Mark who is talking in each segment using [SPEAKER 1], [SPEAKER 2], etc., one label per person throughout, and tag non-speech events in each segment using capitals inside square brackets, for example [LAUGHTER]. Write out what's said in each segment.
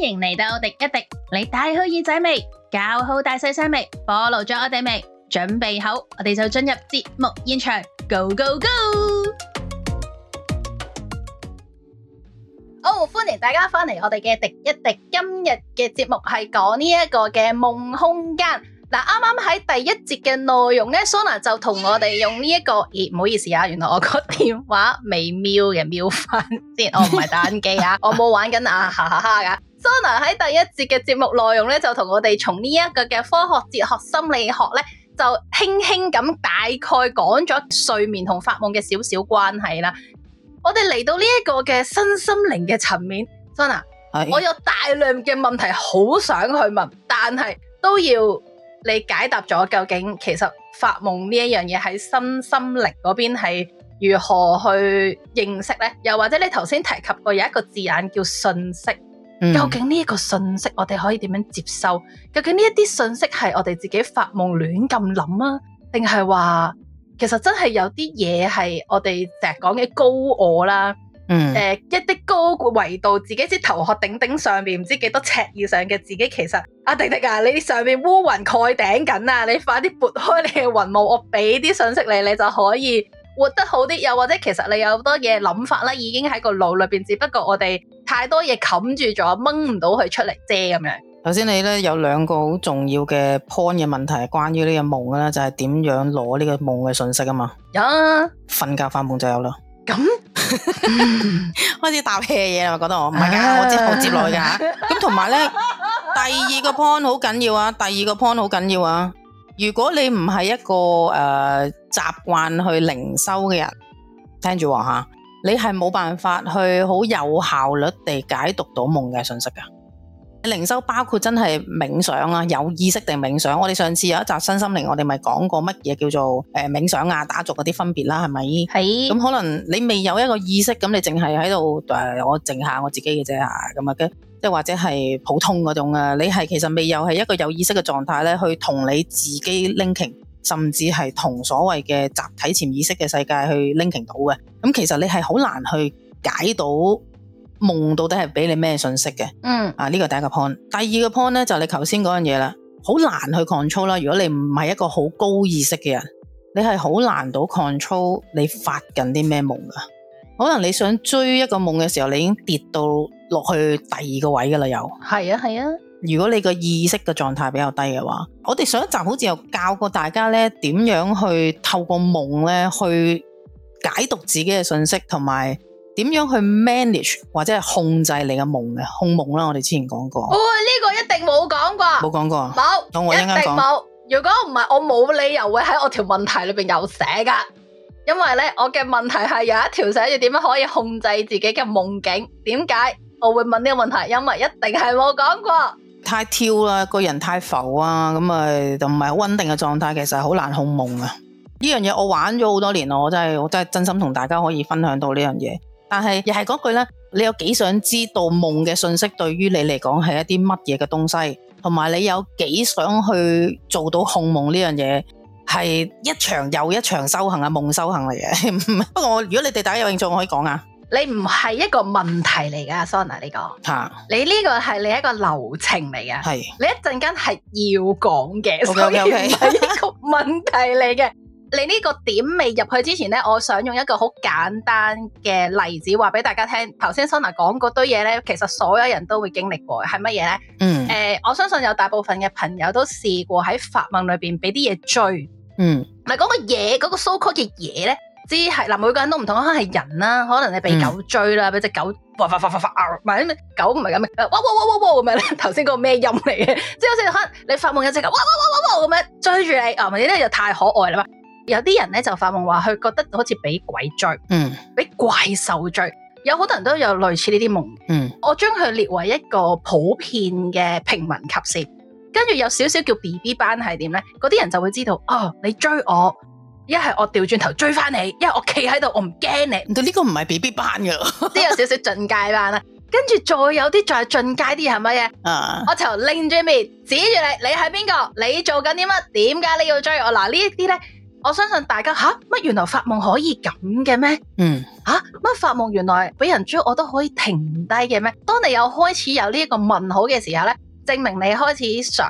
[SPEAKER 1] 歡迎嚟到廸一廸，你戴好耳仔未？搞好大細聲未？暴露咗我哋未？準備好，我哋就進入節目現場，Go Go Go！好，oh, 歡迎大家翻嚟我哋嘅廸一廸。今日嘅節目係講呢一個嘅夢空間。嗱，啱啱喺第一節嘅內容咧，Sona 就同我哋用呢、這、一個，唔、哎、好意思啊，原來我個電話未瞄嘅瞄翻先，我唔係打緊機啊， [LAUGHS] 我冇玩緊啊，哈哈哈噶～Sona 喺第一節嘅節目內容咧，就同我哋從呢一個嘅科學、哲學、心理學咧，就輕輕咁大概講咗睡眠同發夢嘅少少關係啦。我哋嚟到呢一個嘅身心靈嘅層面，Sona，Sona 我有大量嘅問題好想去問，但係都要你解答咗究竟，其實發夢呢一樣嘢喺身心靈嗰邊係如何去認識呢？又或者你頭先提及過有一個字眼叫信息。究竟呢一個信息我哋可以點樣接收？究竟呢一啲信息係我哋自己發夢亂咁諗啊，定係話其實真係有啲嘢係我哋成日講嘅高我啦？誒、嗯呃、一啲高個維度，自己啲頭殼頂頂上面唔知幾多尺以上嘅自己，其實阿廸廸啊，你上面烏雲蓋頂緊啊，你快啲撥開你嘅雲霧，我俾啲信息你，你就可以活得好啲。又或者其實你有好多嘢諗法啦，已經喺個腦裏邊，只不過我哋，太多嘢冚住咗，掹唔到佢出嚟遮咁樣。
[SPEAKER 2] 頭先、 [LAUGHS] 嗯，你咧有兩個好重要嘅 point 嘅問題係關於呢個夢啦，就係點樣攞呢個夢嘅信息啊嘛。有，瞓覺發夢就有啦。咁開始答氣嘅嘢我覺得我唔係噶，我接落去噶。咁同埋咧，第二個 point 好緊要啊，第二個 point 好緊要啊。如果你唔係一個誒習慣去靈修嘅人，聽住話吓。你係冇辦法去好有效率地解讀到夢嘅信息噶。靈修包括真係冥想啊，有意識定冥想？我哋上次有一集《新心靈》，我哋咪講過乜嘢叫做誒冥想啊、打坐嗰啲分別啦，係咪？係是。咁可能你未有一個意識，咁你淨係喺度誒，我靜下我自己嘅啫吓，咁啊嘅，即或者係普通嗰種啊，你係其實未有係一個有意識嘅狀態咧，去同你自己 linking。甚至係同所謂嘅集體潛意識嘅世界去 linking 到嘅，咁其實你係好難去解到夢到底係俾你咩信息嘅。嗯，啊呢個第一個 point，第二個 point 咧就係你頭先嗰樣嘢啦，好難去 control 啦。如果你唔係一個好高意識嘅人，你係好難到 control 你發緊啲咩夢噶。可能你想追一個夢嘅時候，你已經跌到落去第二個位噶啦，又
[SPEAKER 1] 係啊係啊。
[SPEAKER 2] 如果你個意識嘅狀態比較低嘅話，我哋上一集好似又教過大家咧點樣去透過夢咧去解讀自己嘅信息，同埋點樣去 manage 或者係控制你嘅夢嘅控夢啦。我哋之前講過，哦
[SPEAKER 1] 呢、呢個一定冇講過，冇講過，冇有，等我一陣講，一定冇。如果唔係，我冇理由會喺我條問題裏邊有寫噶，因為咧我嘅問題係有一條寫住點樣可以控制自己嘅夢境，點解我會問呢個問題？因為一定係冇講過。太
[SPEAKER 2] 跳啦、啊，個人太浮啊，咁咪就唔係好穩定嘅狀態，其實好難控夢啊！呢樣嘢我玩咗好多年啦，我真係我真係真心同大家可以分享到呢樣嘢。但係又係嗰句咧，你有幾想知道夢嘅信息對於你嚟講係一啲乜嘢嘅東西，同埋你有幾想去做到控夢呢樣嘢，係一場又一場修行啊，夢修行嚟嘅。 [LAUGHS] 不過如果你哋大家有興趣，我可以講啊。
[SPEAKER 1] 你唔係一個問題嚟噶 Sona 呢、呢個，嚇、啊！你呢個係你一個流程嚟噶，係是。你一陣間係要講嘅，所以唔係一個問題嚟嘅。你呢個點未入去之前呢，我想用一個好簡單嘅例子話俾大家聽。頭先 Sona 講嗰堆嘢呢，其實所有人都會經歷過，係乜嘢呢？嗯。誒、呃，我相信有大部分嘅朋友都試過喺發問裏邊俾啲嘢追，嗯。唔係嗰個嘢，嗰、嗰個 so call 嘅嘢呢。知係嗱，每個人都唔同，可能係人啦，可能你被狗追啦，俾隻狗哇哇哇哇哇，哇，哇啊！唔係，狗唔係咁嘅，哇哇哇哇哇咁樣。頭先嗰個咩音嚟嘅？即係好似可能你發夢有隻狗哇哇哇哇哇咁樣追住你啊！唔係咧，又太可愛啦嘛。嗯、有啲人咧就發夢話佢覺得好似俾鬼追，嗯，俾怪獸追。有好多人都有類似呢啲夢。嗯，我將佢列為一個普遍嘅平民級先，跟住有少少叫 BB 班係點咧？嗰啲人就會知道啊，你追我。一係我調轉頭追翻你，一係我企喺度，我唔驚你。但呢個唔係 B B 班噶，呢個少少進階班啦。跟住再有啲，再進階啲嘢係乜嘢？Uh. 我頭拎住面指住你，你係邊個？你做緊啲乜？點解你要追我？嗱，呢啲咧，我相信大家吓乜、啊？原來發夢可以咁嘅咩？嗯、mm. 啊，吓乜發夢？原來俾人追我都可以停低嘅咩？當你有開始有呢一個問號嘅時候咧，證明你開始想。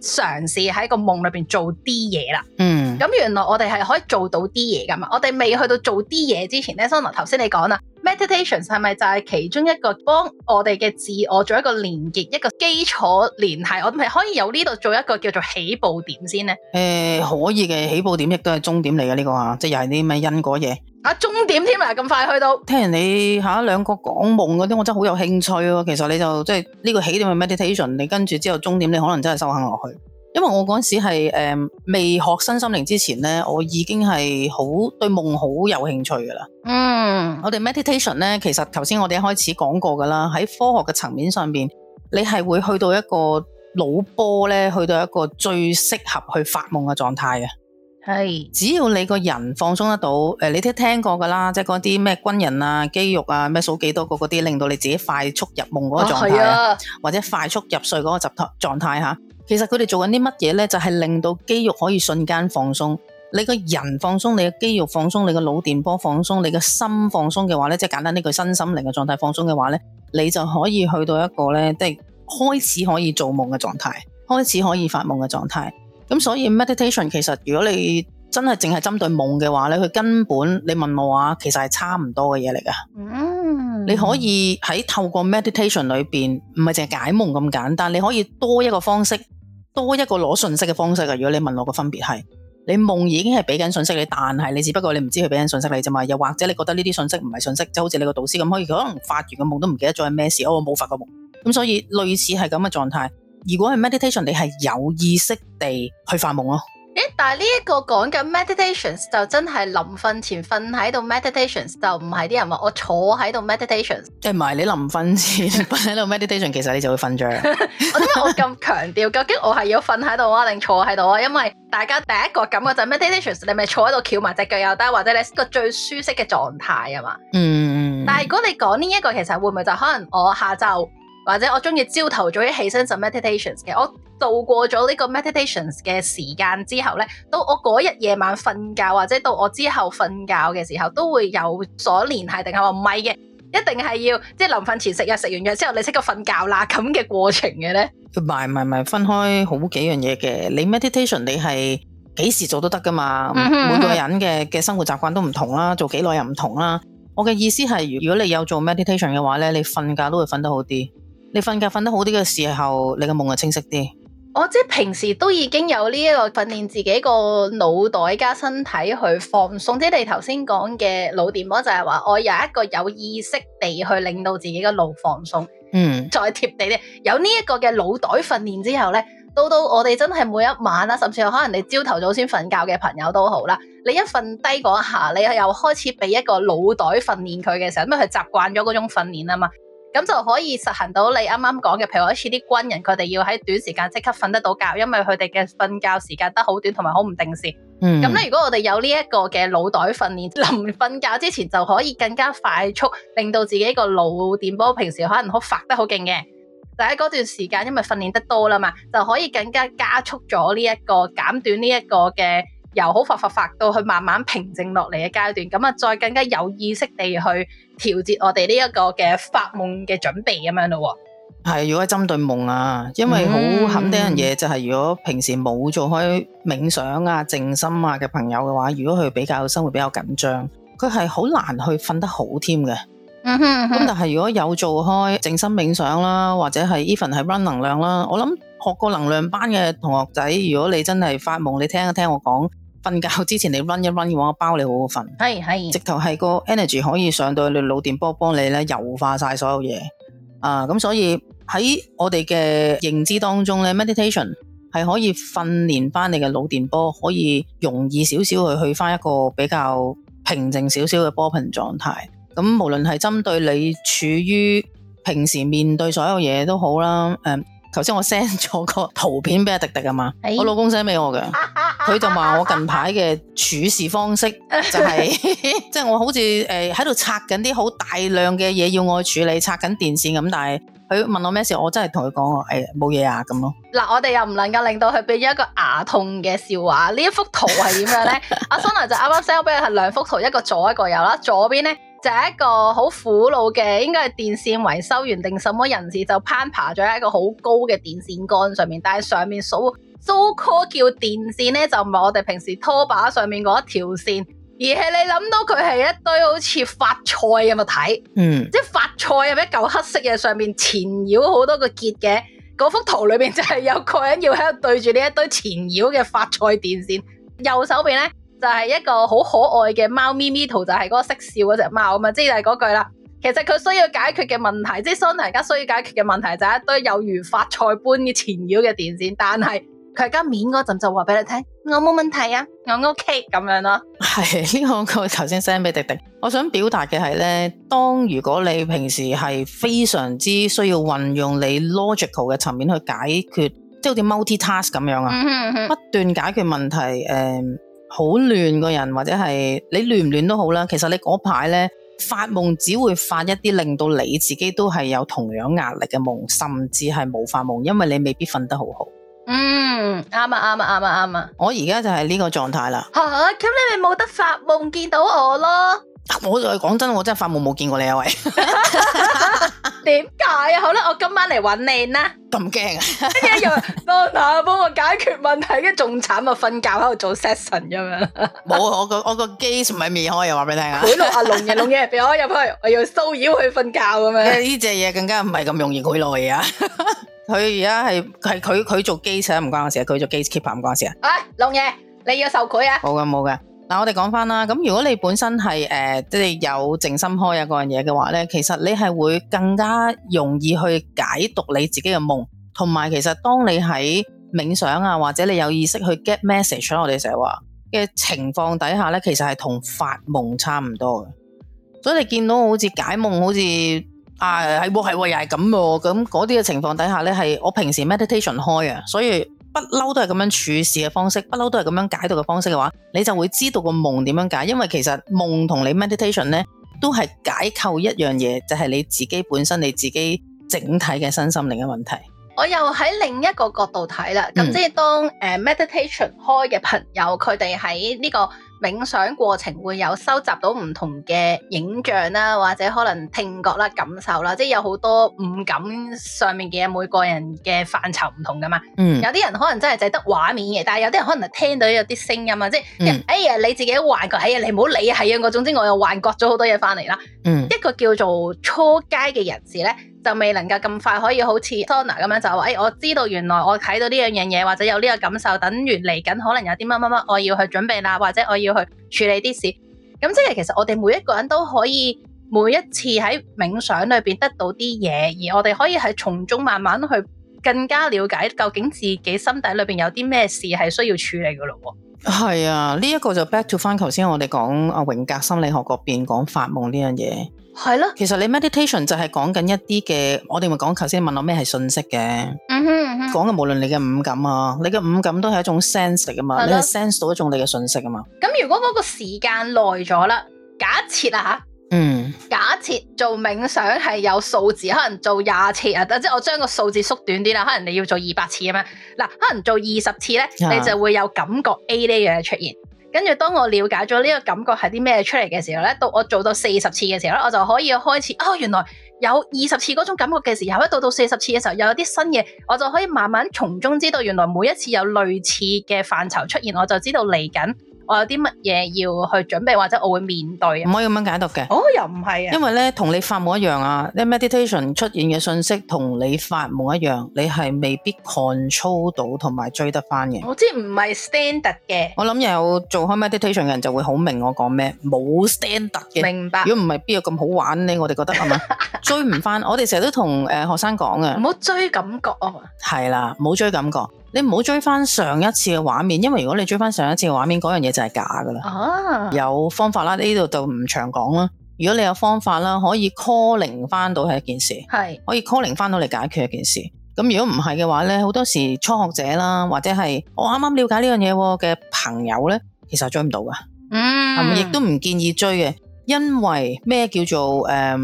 [SPEAKER 1] 嘗試喺個夢裏邊做啲嘢啦，嗯，咁原來我哋係可以做到啲嘢噶嘛？我哋未去到做啲嘢之前咧，Sona 頭先你講啦。meditation 係咪就係其中一個幫我哋嘅自我做一個連結一個基礎連繫，我係可以由呢度做一個叫做起步點先呢？
[SPEAKER 2] 誒、欸，可以嘅起步點亦都係終點嚟嘅，呢個啊，即係又係啲咩因果嘢
[SPEAKER 1] 啊？終點添啊，咁快去到！聽人你吓
[SPEAKER 2] 兩個講夢嗰啲，我真係好有興趣啊。其實你就即係呢個起點係 meditation，你跟住之後終點，你可能真係修行落去。因為我嗰時係誒、嗯、未學身心靈之前咧，我已經係好對夢好有興趣噶啦。嗯，我哋 meditation 咧，其實頭先我哋一開始講過噶啦。喺科學嘅層面上邊，你係會去到一個腦波咧，去到一個最適合去發夢嘅狀態啊。
[SPEAKER 1] 係是，
[SPEAKER 2] 只要你個人放鬆得到，誒、呃，你都聽過噶啦，即係嗰啲咩軍人啊，肌肉啊，咩數幾多個嗰啲，令到你自己快速入夢嗰個狀態啊，啊啊或者快速入睡嗰個狀態吓。啊其實佢哋做緊啲乜嘢咧，就係、是、令到肌肉可以瞬間放鬆，你個人放鬆，你嘅肌肉放鬆，你嘅腦電波放鬆，你嘅心放鬆嘅話咧，即係簡單呢句身心靈嘅狀態放鬆嘅話咧，你就可以去到一個咧，即係開始可以做夢嘅狀態，開始可以發夢嘅狀態。咁所以 meditation 其實如果你真係淨係針對夢嘅話咧，佢根本你問我話，其實係差唔多嘅嘢嚟噶。嗯、mm，hmm. 你可以喺透過 meditation 裏邊，唔係淨係解夢咁簡單，你可以多一個方式。多一個攞信息嘅方式啊！如果你問我個分別係，你夢已經係俾緊信息你，但係你只不過不你唔知佢俾緊信息你咋嘛？又或者你覺得呢啲信息唔係信息，即係好似你個導師咁，可以能發完個夢都唔記得咗係咩事，哦，我冇發過夢，咁所以類似係咁嘅狀態。如果係 meditation，你係有意識地去發夢咯。
[SPEAKER 1] 但係呢一個講緊 meditations 就真係臨瞓前瞓喺度 meditations 就唔係啲人話我坐喺度 meditations，即
[SPEAKER 2] 係、欸、唔係你臨瞓前瞓喺度 meditation，其實你就會瞓着。
[SPEAKER 1] [LAUGHS] 我點解我咁強調？究竟我係要瞓喺度啊，定坐喺度啊？因為大家第一個感覺就係 meditations，你咪坐喺度翹埋隻腳又得，或者你個最舒適嘅狀態啊嘛。嗯,嗯。但係如果你講呢一個，其實會唔會就可能我下晝或者我中意朝頭早一起身就 meditations？其實我。度過咗呢個 meditations 嘅時間之後呢，到我嗰日夜晚瞓覺或者到我之後瞓覺嘅時候，都會有所聯繫，定係話唔係嘅？一定係要即係臨瞓前食藥，食完藥之後你即刻瞓覺啦，咁嘅過程嘅呢，
[SPEAKER 2] 唔係唔係唔係分開好幾樣嘢嘅。你 meditation 你係幾時做都得㗎嘛？每個人嘅嘅生活習慣都唔同啦，做幾耐又唔同啦。我嘅意思係，如果你有做 meditation 嘅話呢，你瞓覺都會瞓得好啲。你瞓覺瞓得好啲嘅時候，你嘅夢就清晰啲。
[SPEAKER 1] 我即係平時都已經有呢一個訓練自己個腦袋加身體去放鬆，即係你頭先講嘅腦電波就係話我有一個有意識地去令到自己個腦放鬆。嗯，再貼地啲，有呢一個嘅腦袋訓練之後咧，到到我哋真係每一晚啦，甚至可能你朝頭早先瞓覺嘅朋友都好啦，你一瞓低嗰一下，你又開始俾一個腦袋訓練佢嘅時候，因為佢習慣咗嗰種訓練啊嘛。咁就可以實行到你啱啱講嘅，譬如話好似啲軍人佢哋要喺短時間即刻瞓得到覺，因為佢哋嘅瞓覺時間得好短同埋好唔定時。咁咧、嗯，如果我哋有呢一個嘅腦袋訓練，臨瞓覺之前就可以更加快速令到自己個腦電波平時可能好發得好勁嘅，但係嗰段時間，因為訓練得多啦嘛，就可以更加加速咗呢一個減短呢一個嘅由好發發發，發到去慢慢平靜落嚟嘅階段，咁啊再更加有意識地去。調節我哋呢一個嘅發夢嘅準備咁樣咯。
[SPEAKER 2] 係如果係針對夢啊，因為好肯定一樣嘢就係如果平時冇做開冥想啊、靜心啊嘅朋友嘅話，如果佢比較生活比較緊張，佢係好難去瞓得好添嘅。嗯咁， [LAUGHS] 但係如果有做開靜心冥想啦，或者係 even 係 run 能量啦，我諗學過能量班嘅同學仔，如果你真係發夢，你聽一聽我講。瞓覺之前你 run 一 run，嘅話包你好好瞓。係係，直頭係個 energy 可以上到你腦電波幫，幫你咧柔化晒所有嘢。啊，咁所以喺我哋嘅認知當中咧，meditation 係可以訓練翻你嘅腦電波，可以容易少少去去翻一個比較平靜少少嘅波頻狀態。咁無論係針對你處於平時面對所有嘢都好啦，誒、嗯。頭先我 send 咗個圖片俾阿迪迪啊嘛，哎、我老公 send 俾我嘅，佢、啊啊啊、就話我近排嘅處事方式就係、是，即係、啊啊、 [LAUGHS] 我好似誒喺度拆緊啲好大量嘅嘢要我去處理，拆緊電線咁，但係佢問我咩事，我真係同佢講話，誒冇嘢啊咁咯。
[SPEAKER 1] 嗱、啊，我哋又唔能夠令到佢變咗一個牙痛嘅笑話。呢一幅圖係點樣咧？阿 [LAUGHS] Sona、啊、就啱啱 send 俾佢係兩幅圖，一個左一個右啦。左邊咧。就係一個好苦惱嘅，應該係電線維修員定什麼人士就攀爬咗喺一個好高嘅電線杆上面，但係上面數 so-called 叫電線咧，就唔係我哋平時拖把上面嗰一條線，而係你諗到佢係一堆好似發菜咁嘅睇，嗯，即係發菜咁一嚿黑色嘅上面纏繞好多個結嘅，嗰幅圖裏邊就係有個人要喺度對住呢一堆纏繞嘅發菜電線，右手邊咧。就係一個好可愛嘅貓咪咪圖，就係、是、嗰個識笑嗰隻貓啊嘛！即係嗰句啦，其實佢需要解決嘅問題，即係 Sona 而家需要解決嘅問題就係一堆有如發菜般嘅纏繞嘅電線，但係佢而家面嗰陣就話俾你聽，我冇問題啊，我 OK 咁樣咯。
[SPEAKER 2] 係呢、呢個我頭先 send 俾迪迪，我想表達嘅係咧，當如果你平時係非常之需要運用你 logical 嘅層面去解決，即係好似 multi task 咁樣啊，嗯哼嗯哼不斷解決問題誒。嗯好亂個人或者係你亂唔亂都好啦，其實你嗰排咧發夢只會發一啲令到你自己都係有同樣壓力嘅夢，甚至係冇發夢，因為你未必瞓得好好。
[SPEAKER 1] 嗯，啱啊啱啊啱啊啱啊！啊啊啊
[SPEAKER 2] 我而家就係呢個狀態啦。
[SPEAKER 1] 咁、啊、你咪冇得發夢見到我咯？
[SPEAKER 2] 我就係講真，我真係發夢冇見過你啊喂。 [LAUGHS] [LAUGHS]
[SPEAKER 1] 點解啊？好啦，我今晚嚟揾你啦。咁驚啊？一樣，Donna 幫我解決問題，跟住仲慘啊！瞓覺喺度做 session 咁樣。冇
[SPEAKER 2] 啊！我個我個 gate 唔係未開，又話俾你聽啊！佢落下龍爺龍
[SPEAKER 1] 爺俾我入去，我要騷擾佢
[SPEAKER 2] 瞓覺咁樣。呢隻嘢更加唔係咁容易，佢落嘢啊！佢而家係係佢佢做機手唔關我事啊！佢做 gatekeeper 唔關我事啊！
[SPEAKER 1] 啊，龍爺你要受佢啊！
[SPEAKER 2] 好嘅，冇嘅。嗱、啊，我哋講翻啦。咁如果你本身係誒，即、呃、係有靜心開啊嗰樣嘢嘅話咧，其實你係會更加容易去解讀你自己嘅夢，同埋其實當你喺冥想啊，或者你有意識去 get message 啦，我哋成日話嘅情況底下咧，其實係同發夢差唔多嘅。所以你見到好似解夢好，好似啊係喎係喎，又係咁喎。咁嗰啲嘅情況底下咧，係我平時 meditation 開啊，所以。不嬲都係咁樣處事嘅方式，不嬲都係咁樣解讀嘅方式嘅話，你就會知道個夢點樣解，因為其實夢同你 meditation 咧都係解構一樣嘢，就係、是、你自己本身你自己整體嘅身心靈嘅問題。
[SPEAKER 1] 我又喺另一個角度睇啦，咁即係當誒 meditation 開嘅朋友，佢哋喺呢個。冥想過程會有收集到唔同嘅影像啦，或者可能聽覺啦、感受啦，即係有好多五感上面嘅每個人嘅範疇唔同㗎嘛。嗯，有啲人可能真係就係得畫面嘅，但係有啲人可能係聽到有啲聲音啊，即係、嗯、哎呀，你自己幻覺，哎呀，你唔好理啊，係啊，我總之我又幻覺咗好多嘢翻嚟啦。嗯，一個叫做初階嘅人士咧。就未能夠咁快可以好似 Sona 咁樣就話，誒、哎，我知道原來我睇到呢樣嘢，或者有呢個感受，等於嚟緊可能有啲乜乜乜，我要去準備啦，或者我要去處理啲事。咁即係其實我哋每一個人都可以每一次喺冥想裏邊得到啲嘢，而我哋可以係從中慢慢去更加了解究竟自己心底裏邊有啲咩事係需要處理噶咯。
[SPEAKER 2] 係啊，呢、這、一個就 back to 翻頭先我哋講阿榮格心理學嗰邊講發夢呢樣嘢。
[SPEAKER 1] 係咯，其實你
[SPEAKER 2] meditation 就係講緊一啲嘅，我哋咪講頭先問我咩係信息嘅，嗯
[SPEAKER 1] 哼嗯、哼講
[SPEAKER 2] 嘅無論你嘅五感啊，你嘅五感都係一種 sense 啊嘛，嗯、哼你係 sense 到一種你嘅信息啊嘛。
[SPEAKER 1] 咁如果嗰個時間耐咗啦，假設啊吓，嗯，假設做冥想係有數字，可能做廿次啊，即係我將個數字縮短啲啦，可能你要做二百次咁樣，嗱，可能做二十次咧，你就會有感覺 A 呢樣嘢出現。嗯跟住，當我了解咗呢個感覺係啲咩出嚟嘅時候，到我做到四十次嘅時候，我就可以開始啊、哦，原來有二十次嗰種感覺嘅時候，一到到四十次嘅時候，又有啲新嘢，我就可以慢慢從中知道，原來每一次有類似嘅範疇出現，我就知道嚟緊。我有啲乜嘢要去準備，或者我會面對？唔可以咁樣解讀嘅。哦，又唔係啊？因
[SPEAKER 2] 為咧，同你發夢一樣啊，啲 meditation 出現嘅信息同你發夢一樣，你係未必 control 到同埋追得翻嘅。我知唔係 stand a r d 嘅。我諗有做開 meditation 嘅人就會好明我講咩，冇 stand 特嘅。明白。如果唔係，邊有咁好玩咧？我哋覺得係咪 [LAUGHS] 追唔翻？我哋成日都同誒、呃、學生講啊，唔
[SPEAKER 1] 好追感覺
[SPEAKER 2] 啊。係啦，冇追感覺。你唔好追翻上一次嘅畫面，因為如果你追翻上一次嘅畫面，嗰樣嘢就係假噶啦。啊、有方法啦，呢度就唔詳講啦。如果你有方法啦，可以 calling 翻到係一件事，係是可以 calling 翻到嚟解決一件事。咁如果唔係嘅話咧，好多時初學者啦，或者係我啱啱了解呢樣嘢嘅朋友咧，其實追唔到噶、
[SPEAKER 1] 嗯嗯。嗯，亦
[SPEAKER 2] 都唔建議追嘅，因為咩叫做誒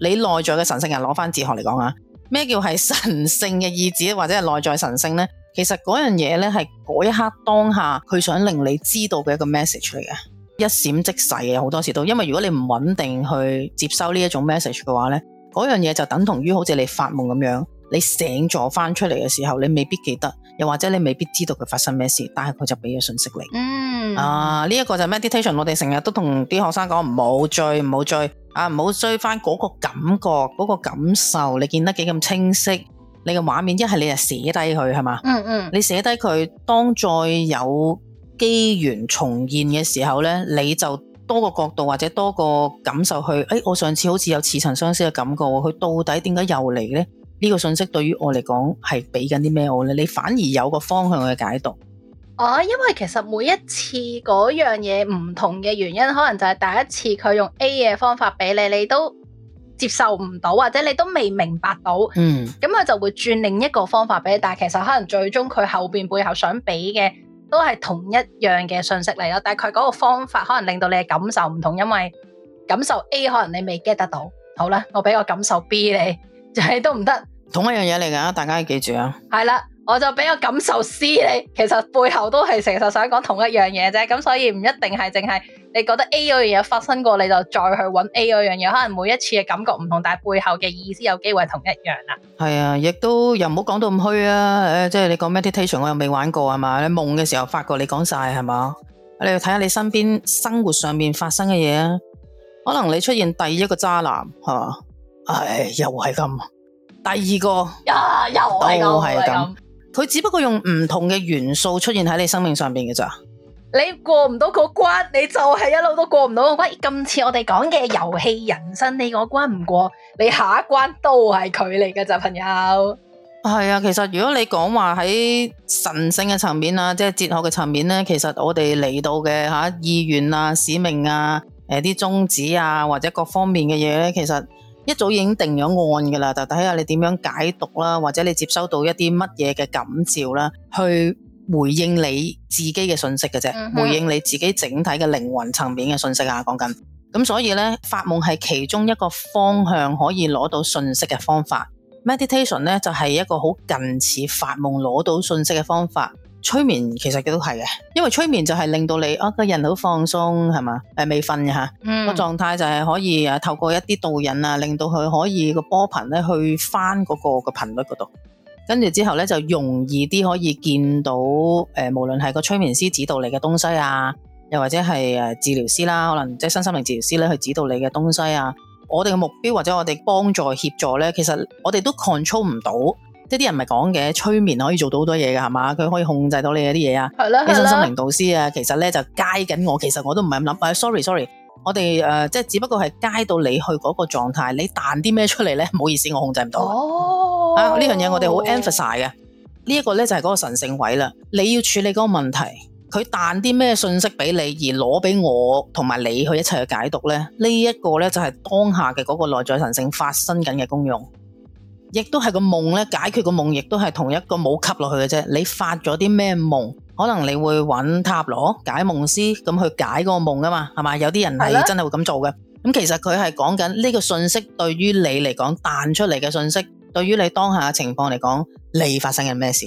[SPEAKER 2] 你內在嘅神聖人？攞翻哲學嚟講啊，咩叫係神聖嘅意志或者係內在神聖咧？其實嗰樣嘢咧係嗰一刻當下佢想令你知道嘅一個 message 嚟嘅，一閃即逝嘅好多時都，因為如果你唔穩定去接收呢一種 message 嘅話咧，嗰樣嘢就等同於好似你發夢咁樣，你醒咗翻出嚟嘅時候，你未必記得，又或者你未必知道佢發生咩事，但係佢就俾咗信息你。嗯。啊，呢一個就 meditation，我哋成日都同啲學生講唔好追，唔好追，啊唔好追翻嗰個感覺，嗰、嗰個感受，你見得幾咁清晰。你嘅畫面一係你就寫低佢係嘛？嗯嗯，你寫低佢，當再有機緣重現嘅時候咧，你就多個角度或者多個感受去，誒、哎，我上次好似有似曾相識嘅感覺，佢到底點解又嚟咧？呢、這個信息對於我嚟講係俾緊啲咩我咧？你反而有個方向嘅解讀。
[SPEAKER 1] 哦，因為其實每一次嗰樣嘢唔同嘅原因，可能就係第一次佢用 A 嘅方法俾你，你都。接受唔到，或者你都未明白到，咁佢、嗯、就會轉另一個方法俾你。但係其實可能最終佢後邊背後想俾嘅都係同一樣嘅信息嚟咯。但係佢嗰個方法可能令到你嘅感受唔同，因為感受 A 可能你未 get 得到。好啦，我俾個感受 B 你，就係都唔得，
[SPEAKER 2] 同一樣嘢嚟噶。大家要記住啊，
[SPEAKER 1] 係啦。我就比較感受深，你其實背後都係成日想講同一樣嘢啫，咁所以唔一定係淨係你覺得 A 嗰樣嘢發生過，你就再去揾 A 嗰樣嘢。可能每一次嘅感覺唔同，但係背後嘅意思有機會同一樣啦。
[SPEAKER 2] 係啊，亦都又唔好講到咁虛啊。哎、即係你講 meditation 我又未玩過係嘛。你夢嘅時候發覺你講晒係嘛，你要睇下你身邊生活上面發生嘅嘢啊。可能你出現第一個渣男係嘛？唉、哎，又係咁。第二個
[SPEAKER 1] yeah, 又係咁。
[SPEAKER 2] 佢只不過用唔同嘅元素出現喺你生命上邊嘅咋，
[SPEAKER 1] 你過唔到個關，你就係一路都過唔到個關。今次我哋講嘅遊戲人生，你個關唔過，你下一關都係佢嚟嘅咋，朋友。
[SPEAKER 2] 係啊，其實如果你講話喺神聖嘅層面啊，即係哲學嘅層面咧，其實我哋嚟到嘅吓意願啊、使命啊、誒、呃、啲宗旨啊或者各方面嘅嘢咧，其實。一早已經定咗案噶啦，就睇下你點樣解讀啦，或者你接收到一啲乜嘢嘅感召啦，去回應你自己嘅信息嘅啫，嗯、哼回應你自己整體嘅靈魂層面嘅信息啊。講緊咁，所以咧發夢係其中一個方向可以攞到信息嘅方法，meditation 咧就係、是、一個好近似發夢攞到信息嘅方法。催眠其實佢都係嘅，因為催眠就係令到你啊個人好放鬆，係嘛？誒未瞓嘅吓，個狀態就係可以啊透過一啲導引啊，令到佢可以個波頻咧去翻嗰個個頻率嗰度，跟住之後咧就容易啲可以見到誒、呃，無論係個催眠師指導你嘅東西啊，又或者係誒治療師啦，可能即係身心靈治療師咧去指導你嘅東西啊，我哋嘅目標或者我哋幫助協助咧，其實我哋都 control 唔到。即啲人唔係講嘅，催眠可以做到好多嘢嘅，係嘛？佢可以控制到你嗰啲嘢啊，一的身心靈導師啊，的其實咧就 guide 緊我，其實我都唔係咁諗。誒、哎、sorry sorry，我哋誒、呃、即係只不過係 guide 到你去嗰個狀態，你彈啲咩出嚟咧？唔好意思，我控制唔到。哦，啊樣、這個、呢樣嘢我哋好 emphasize 嘅，呢一個咧就係、是、嗰個神聖位啦。你要處理嗰個問題，佢彈啲咩信息俾你，而攞俾我同埋你去一齊去解讀咧？這個、呢一個咧就係、是、當下嘅嗰個內在神聖發生緊嘅功用。亦都係個夢咧，解決個夢，亦都係同一個冇吸落去嘅啫。你發咗啲咩夢，可能你會揾塔羅解夢師咁去解個夢啊嘛，係嘛？有啲人係真係會咁做嘅。咁的其實佢係講緊呢個信息對於你嚟講彈出嚟嘅信息，對於你當下嘅情況嚟講，你發生緊咩事？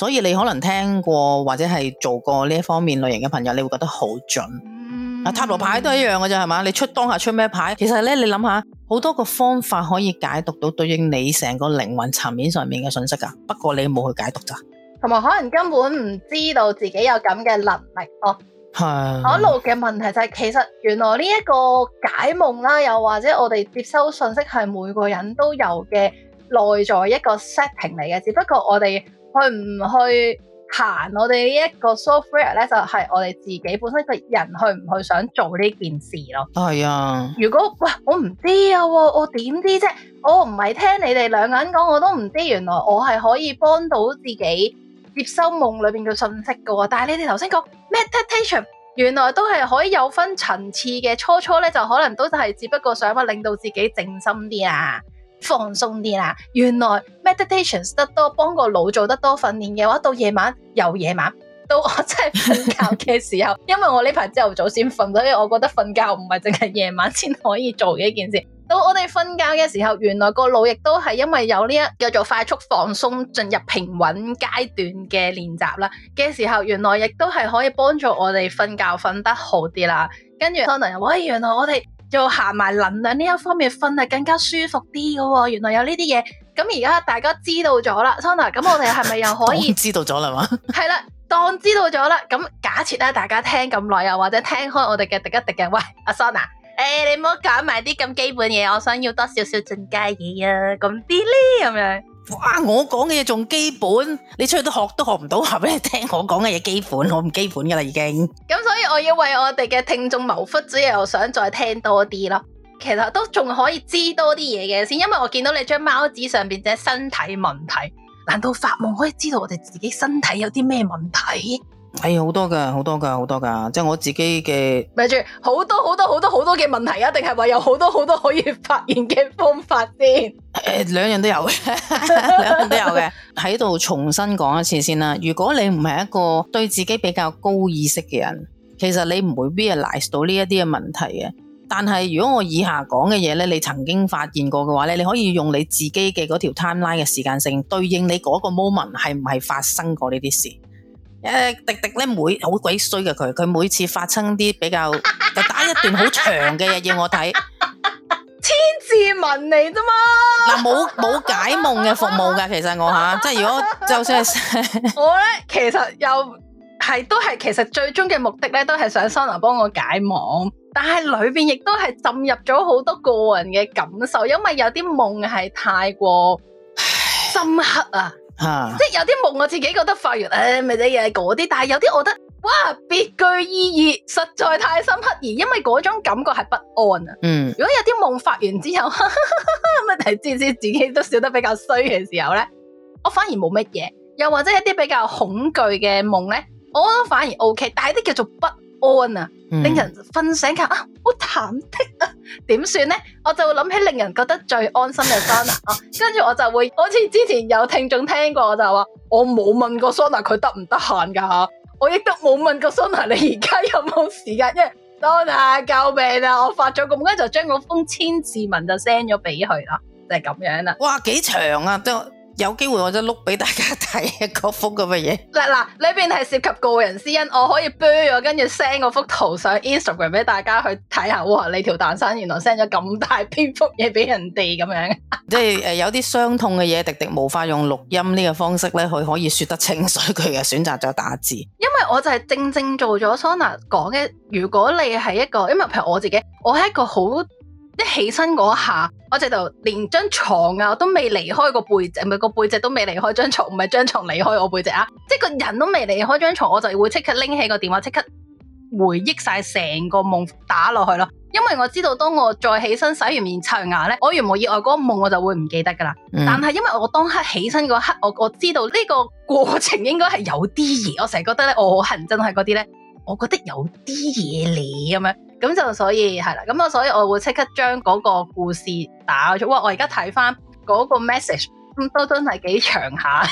[SPEAKER 2] 所以你可能聽過或者係做過呢一方面類型嘅朋友，你會覺得好準。啊、嗯，塔羅牌都係一樣㗎咋係嘛？你出當下出咩牌，其實咧你諗下，好多個方法可以解讀到對應你成個靈魂層面上面嘅信息噶。不過你冇去解讀咋，
[SPEAKER 1] 同埋可能根本唔知道自己有咁嘅能力哦。
[SPEAKER 2] 係可能
[SPEAKER 1] 嘅問題就係、是，其實原來呢一個解夢啦、啊，又或者我哋接收信息係每個人都有嘅內在一個 setting 嚟嘅，只不過我哋。去唔去行我哋呢一個 software 咧，就係我哋自己本身一個人去唔去想做呢件事咯。係啊，如果喂，我唔知啊，我點知啫？我唔係聽你哋兩個人講，我都唔知原來我係可以幫到自己接收夢裏邊嘅信息噶。但係你哋頭先講 meditation，原來都係可以有分層次嘅。初初咧，就可能都係只不過想話令到自己靜心啲啊。放鬆啲啦，原來 meditation 得多，幫個腦做得多訓練嘅話，到夜晚又夜晚，到我真係瞓覺嘅時候， [LAUGHS] 因為我呢排朝頭早先瞓，所以我覺得瞓覺唔係淨係夜晚先可以做嘅一件事。到我哋瞓覺嘅時候，原來個腦亦都係因為有呢一叫做快速放鬆進入平穩階段嘅練習啦嘅時候，原來亦都係可以幫助我哋瞓覺瞓得好啲啦。跟住可能喂，原來我哋又行埋能量呢一方面瞓啊，係更加舒服啲噶喎！原來有呢啲嘢，咁而家大家知道咗啦，Sona，咁我哋係咪又可以 [LAUGHS]
[SPEAKER 2] 知道咗啦嘛？
[SPEAKER 1] 係啦， [LAUGHS] 當知道咗啦，咁假設咧，大家聽咁耐又或者聽開我哋嘅滴一滴嘅，喂，阿 Sona，誒你唔好揀埋啲咁基本嘢，我想要多少少進階嘢啊，咁啲咧咁樣。是
[SPEAKER 2] 哇！我講嘅嘢仲基本，你出去都學都學唔到，話俾你聽我講嘅嘢基本，我唔基本噶啦已經。
[SPEAKER 1] 咁所以我要為我哋嘅聽眾謀福祉，所以又想再聽多啲咯。其實都仲可以知多啲嘢嘅先，因為我見到你張貓紙上邊即身體問題，難道發夢可以知道我哋自己身體有啲咩問題？
[SPEAKER 2] 係好多噶，好多噶，好多噶，即係我自己嘅。
[SPEAKER 1] 咪住，好多好多好多好多嘅問題啊？定係話有好多好多可以發現嘅方法先？
[SPEAKER 2] 誒， [COUGHS] 兩樣都有嘅，
[SPEAKER 1] [LAUGHS] 兩樣都有嘅。
[SPEAKER 2] 喺度 [LAUGHS] 重新講一次先啦。如果你唔係一個對自己比較高意識嘅人，其實你唔會 realize 到呢一啲嘅問題嘅。但係如果我以下講嘅嘢咧，你曾經發現過嘅話咧，你可以用你自己嘅嗰條 timeline 嘅時間性，對應你嗰個 moment 係唔係發生過呢啲事。誒，迪迪咧每好鬼衰嘅佢，佢每次發生啲比較就 [LAUGHS] 打一段好長嘅嘢要我睇，千 [LAUGHS] 字文，嚟啫嘛，嗱冇冇解夢嘅服務噶，其實我吓，即係 [LAUGHS] 如果就算係，
[SPEAKER 1] [LAUGHS] 我咧其實又係都係，其實最終嘅目的咧都係想 Sona 幫我解夢，但係裏邊亦都係浸入咗好多個人嘅感受，因為有啲夢係太過深刻啊。 [LAUGHS] 即係有啲夢我自己覺得發完誒，咪啲嘢嗰啲，但係有啲我覺得哇，別具意義，實在太深刻而，因為嗰種感覺係不安啊。嗯，如果有啲夢發完之後，問題知唔知自己都笑得比較衰嘅時候咧，我反而冇乜嘢，又或者一啲比較恐懼嘅夢咧，我都反而 OK，但係啲叫做不。安啊，On，令人瞓醒嘅啊，好忐忑啊，點算咧？我就會諗起令人覺得最安心嘅 Sona。啊，跟住我就會，好似之前有聽眾聽過，我就話我冇問過 Sona，佢得唔得閒噶吓，我亦都冇問過 Sona，你而家有冇時間，因為 Sona 救命啊，我發咗咁，跟住就將個封千字文就 send 咗俾佢啦，就係，是，咁樣啦，哇，幾長
[SPEAKER 2] 啊都。有機會我就碌俾大家睇嗰幅咁嘅嘢。
[SPEAKER 1] 嗱嗱，呢邊係涉及個人私隱，我可以背咗，跟住 send 嗰幅圖上 Instagram 俾大家去睇下。哇！你條蛋散原來 send 咗咁大篇幅嘢俾人哋咁樣。
[SPEAKER 2] [LAUGHS] 即係誒，有啲傷痛嘅嘢，廸廸無法用錄音呢個方式咧，佢可以説得清楚，佢就選擇咗打字。
[SPEAKER 1] 因為我就係正正做咗 Sona 講嘅，如果你係一個，因為譬如我自己，我係一個好，即係起身嗰下。我直頭連張床啊，都未離開個背脊，唔係個背脊都未離開張床，唔係張床離開我背脊啊！即係個人都未離開張床，我就會即刻拎起個電話，即刻回憶晒成個夢打落去咯。因為我知道當我再起身洗完面刷牙咧，我如無意外嗰個夢我就會唔記得噶啦。嗯、但係因為我當刻起身嗰刻，我我知道呢個過程應該係有啲嘢，我成日覺得咧，我好恨真係嗰啲咧，我覺得有啲嘢嚟咁樣。咁就所以係啦，咁我所以我會即刻將嗰個故事打咗。哇！我而家睇翻嗰個 message，咁都真係幾長下。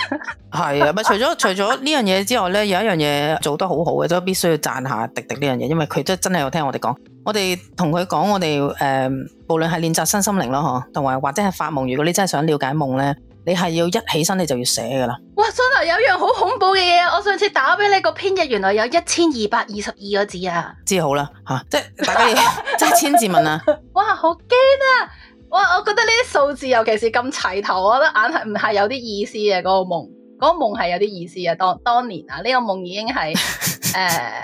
[SPEAKER 1] 係 [LAUGHS] 啊，咪除咗
[SPEAKER 2] 除咗呢樣嘢之外咧，有一樣嘢做得好好嘅都必須要讚下迪迪呢樣嘢，因為佢都真係有聽我哋講，我哋同佢講我哋誒，無論係練習身心靈咯嗬，同埋或者係發夢，如果你真係想了解夢咧。你係要一起身，你就要寫噶啦。
[SPEAKER 1] 哇，真係有樣好恐怖嘅嘢。我上次打俾你個篇嘢，原來有一千二百二十二個字啊。
[SPEAKER 2] 知好啦，吓即係大家爭 [LAUGHS] 千字文啊。
[SPEAKER 1] 哇，好驚啊！哇，我覺得呢啲數字，尤其是咁齊頭，我覺得眼係唔係有啲意思嘅嗰、嗰個夢，嗰、嗰個夢係有啲意思嘅。當當年啊，呢、呢個夢已經係誒、呃、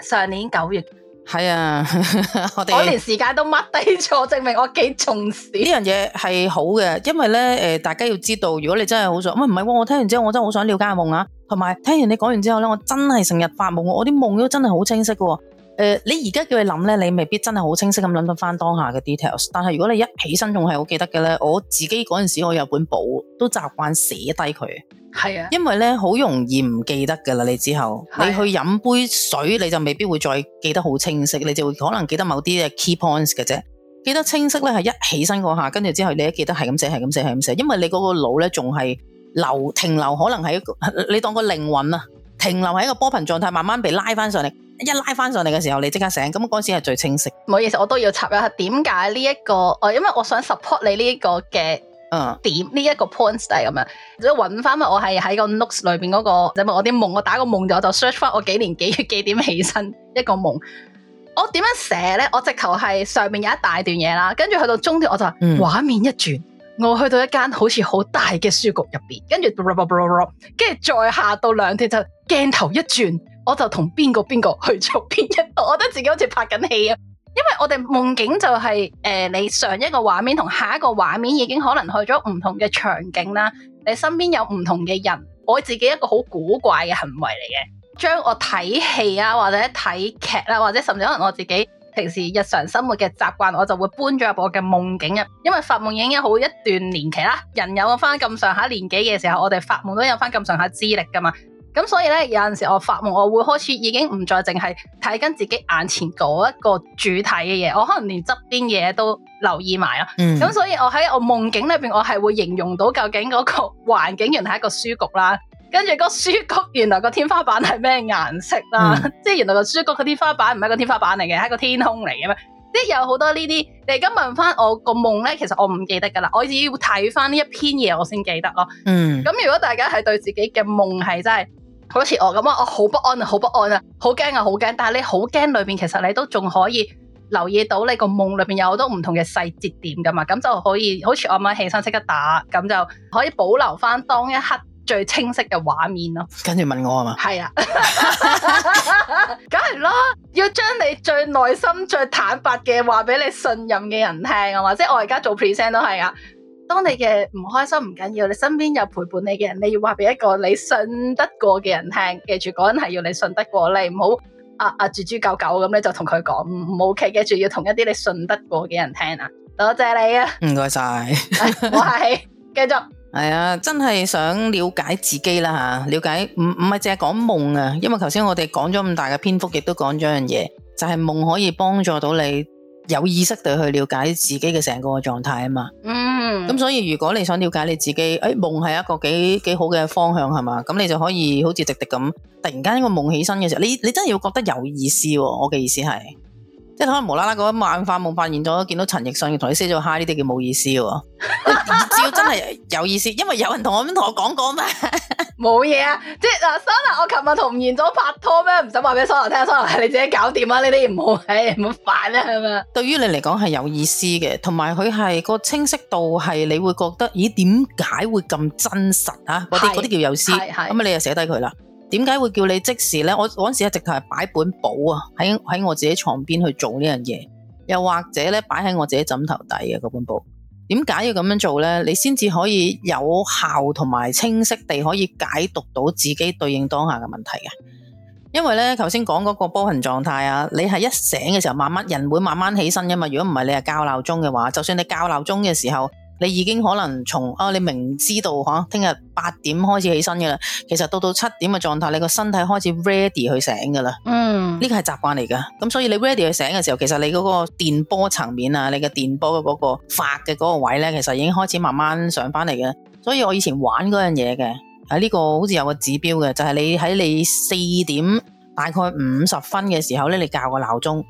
[SPEAKER 1] [LAUGHS] 上年九月。
[SPEAKER 2] 係是啊， [LAUGHS] 我，們我連時
[SPEAKER 1] 間都 mark 低咗，證明我幾重視呢
[SPEAKER 2] 樣嘢係好嘅，因為咧誒、呃，大家要知道，如果你真係好想，唔、啊、係、啊、我聽完之後我真係好想了解下夢啊，同埋聽完你講完之後咧，我真係成日發夢，我啲夢都真係好清晰嘅、啊。誒、呃，你而家叫你諗咧，你未必真係好清晰咁諗到翻當下嘅 details。但係如果你一起身仲係好記得嘅咧，我自己嗰陣時我有本簿，都習慣寫低佢。係是啊，因為咧好容易唔記得噶啦，你之後是、啊、你去飲杯水，你就未必會再記得好清晰，你就會可能記得某啲嘅 key points 嘅啫。記得清晰咧係一起身嗰下，跟住之後你都記得係咁寫，係咁寫，係咁寫。因為你嗰個腦咧仲係留停留，可能係一個你當個靈魂啊，停留喺一個波頻狀態，慢慢被拉翻上嚟，一拉翻上嚟嘅時候，
[SPEAKER 1] 你即刻醒。咁嗰陣時係最清晰。唔好意思，我都要插一下，點解呢一個？我、哦、因為我想 support 你呢個嘅。點呢一個 points 就係咁樣，所以揾翻咪我係喺個 notes 裏邊嗰個，即係我啲夢，我打個夢就我就 search 翻我幾年幾月幾點起身一個夢，我點樣寫咧？我直頭係上面有一大段嘢啦，跟住去到中段我就畫面一轉，我去到一間好似好大嘅書局入邊，跟住 bla bla bla bla 跟住再下到兩段就鏡頭一轉，我就同邊個邊個去做邊一部，我覺得自己好似拍緊戲啊！因為我哋夢境就係、是、誒、呃,你上一個畫面同下一個畫面已經可能去咗唔同嘅場景啦,你身邊有唔同嘅人。我自己一個好古怪嘅行為嚟嘅,將我睇戲啊或者睇劇啦、啊,或者甚至可能我自己平時日常生活嘅習慣,我就會搬咗入我嘅夢境入。因為發夢已經好一段年期啦,人有翻咁上下年紀嘅時候,我哋發夢都有翻咁上下資歷噶嘛。咁所以咧，有陣時我發夢，我會開始已經唔再淨係睇緊自己眼前嗰一個主題嘅嘢，我可能連側邊嘢都留意埋啊。咁、嗯、所以我喺我夢境裏邊，我係會形容到究竟嗰個環境原係一個書局啦，跟住嗰書局原來個天花板係咩顏色啦，即係原來個書局個天花板唔係個天花板嚟嘅，係一個天空嚟嘅咩？即係有好多呢啲。你而家問翻我個夢咧，其實我唔記得噶啦，我只要睇翻呢一篇嘢我先記得咯。咁、嗯、如果大家係對自己嘅夢係真係～好似我咁啊，我好不安啊，好不安啊，好驚啊，好驚！但係你好驚裏邊，其實你都仲可以留意到你個夢裏邊有好多唔同嘅細節點噶嘛，咁就可以好似我咁起身識得打，咁就可以保留翻當一刻最清晰嘅畫面咯。
[SPEAKER 2] 跟住問我係嘛？
[SPEAKER 1] 係啊，梗係咯，要將你最內心最坦白嘅話俾你信任嘅人聽啊嘛，即係我而家做 present 都係啊。當你嘅唔開心唔緊要，你身邊有陪伴你嘅人，你要話俾一個你信得過嘅人聽。記住，嗰人係要你信得過，你唔好啊啊，豬、啊、豬狗狗咁你就同佢講唔 OK。記住要同一啲你信得過嘅人聽啊！多謝你啊，
[SPEAKER 2] 唔該晒，
[SPEAKER 1] [LAUGHS] 我係繼續
[SPEAKER 2] 係啊，真係想了解自己啦吓，了解唔唔係淨係講夢啊，因為頭先我哋講咗咁大嘅篇幅，亦都講咗一樣嘢，就係、是、夢可以幫助到你。有意識地去了解自己嘅成個狀態啊嘛，咁、嗯、所以如果你想了解你自己，誒、哎、夢係一個幾幾好嘅方向係嘛？咁你就可以好似廸廸咁，突然間一個夢起身嘅時候，你你真係要覺得有意思喎、哦！我嘅意思係。即係可能無啦啦嗰晚發夢發現咗見到陳奕迅要同你 say 咗「嗨」呢啲叫冇意思喎，笑真係有意思， [LAUGHS] [LAUGHS] [LAUGHS] 因為有人同我咁同我講過嘛，
[SPEAKER 1] 冇 [LAUGHS] 嘢啊，即係嗱，蘇娜我琴日同吳彥祖拍拖咩？唔使話俾蘇娜聽，蘇娜你自己搞掂啊，呢啲唔好，唉，唔好煩啦，係嘛？
[SPEAKER 2] 啊、對於你嚟講係有意思嘅，同埋佢係個清晰度係你會覺得咦，點解會咁真實啊？嗰啲啲叫有意思，咁啊你又寫低佢啦。點解會叫你即時咧？我嗰時一直頭係擺本簿啊，喺喺我自己床邊去做呢樣嘢，又或者咧擺喺我自己枕頭底嘅嗰本簿。點解要咁樣做咧？你先至可以有效同埋清晰地可以解讀到自己對應當下嘅問題嘅。因為咧頭先講嗰個波形狀態啊，你係一醒嘅時候慢慢人會慢慢起身噶嘛。如果唔係你係教鬧鐘嘅話，就算你教鬧鐘嘅時候。你已經可能從啊，你明知道嚇，聽日八點開始起身嘅啦。其實到到七點嘅狀態，你個身體開始 ready 去醒嘅啦。
[SPEAKER 1] 嗯，呢個係習
[SPEAKER 2] 慣嚟嘅。咁所以你 ready 去醒嘅時候，其實你嗰個電波層面啊，你嘅電波嗰個發嘅嗰個位咧，其實已經開始慢慢上翻嚟嘅。所以我以前玩嗰樣嘢嘅，喺、這、呢個好似有個指標嘅，就係、是、你喺你四點大概五十分嘅時候咧，你校個鬧鐘，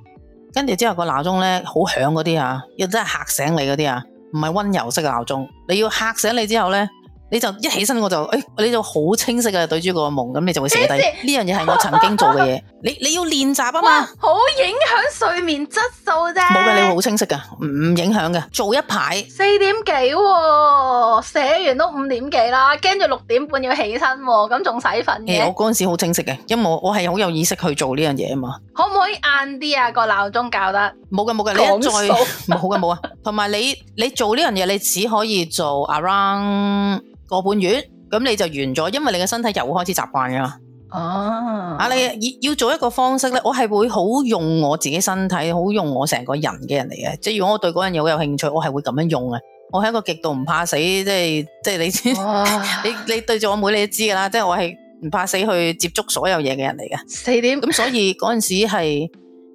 [SPEAKER 2] 跟住之後個鬧鐘咧好響嗰啲呀，亦都係嚇醒你嗰啲啊！唔係溫柔式嘅鬧鐘，你要嚇醒你之後咧。你就一起身我就，誒、哎，你就好清晰嘅、啊、對住個夢，咁你就會寫低呢樣嘢係我曾經做嘅嘢 [LAUGHS] 。
[SPEAKER 1] 你你要練習啊嘛，好影響睡眠質素啫。冇嘅，你
[SPEAKER 2] 好清晰噶，唔影響嘅。
[SPEAKER 1] 做一排四點幾、哦，寫完都五點幾啦，驚住六點半要起身、啊，咁仲使瞓嘅。我嗰
[SPEAKER 2] 陣時好清晰嘅，因為我我係好有意識去做呢樣嘢啊嘛。
[SPEAKER 1] 可唔可以晏啲啊？個鬧鐘搞得冇嘅冇嘅，數你一再好嘅冇啊。同埋你你做呢樣嘢，
[SPEAKER 2] 你只可以做 around。個半月，咁你就完咗，因為你嘅身體又會開始習慣噶。哦，
[SPEAKER 1] 啊你要
[SPEAKER 2] 要做一個方式咧，我係會好用我自己身體，好用我成個人嘅人嚟嘅。即係如果我對嗰樣嘢好有興趣，我係會咁樣用嘅。我係一個極度唔怕死，即係即係你知、oh. [LAUGHS] 你，你你對住我妹你都知噶啦。即係我係唔怕死去接觸所有嘢嘅人嚟嘅。四點，咁所以嗰陣時係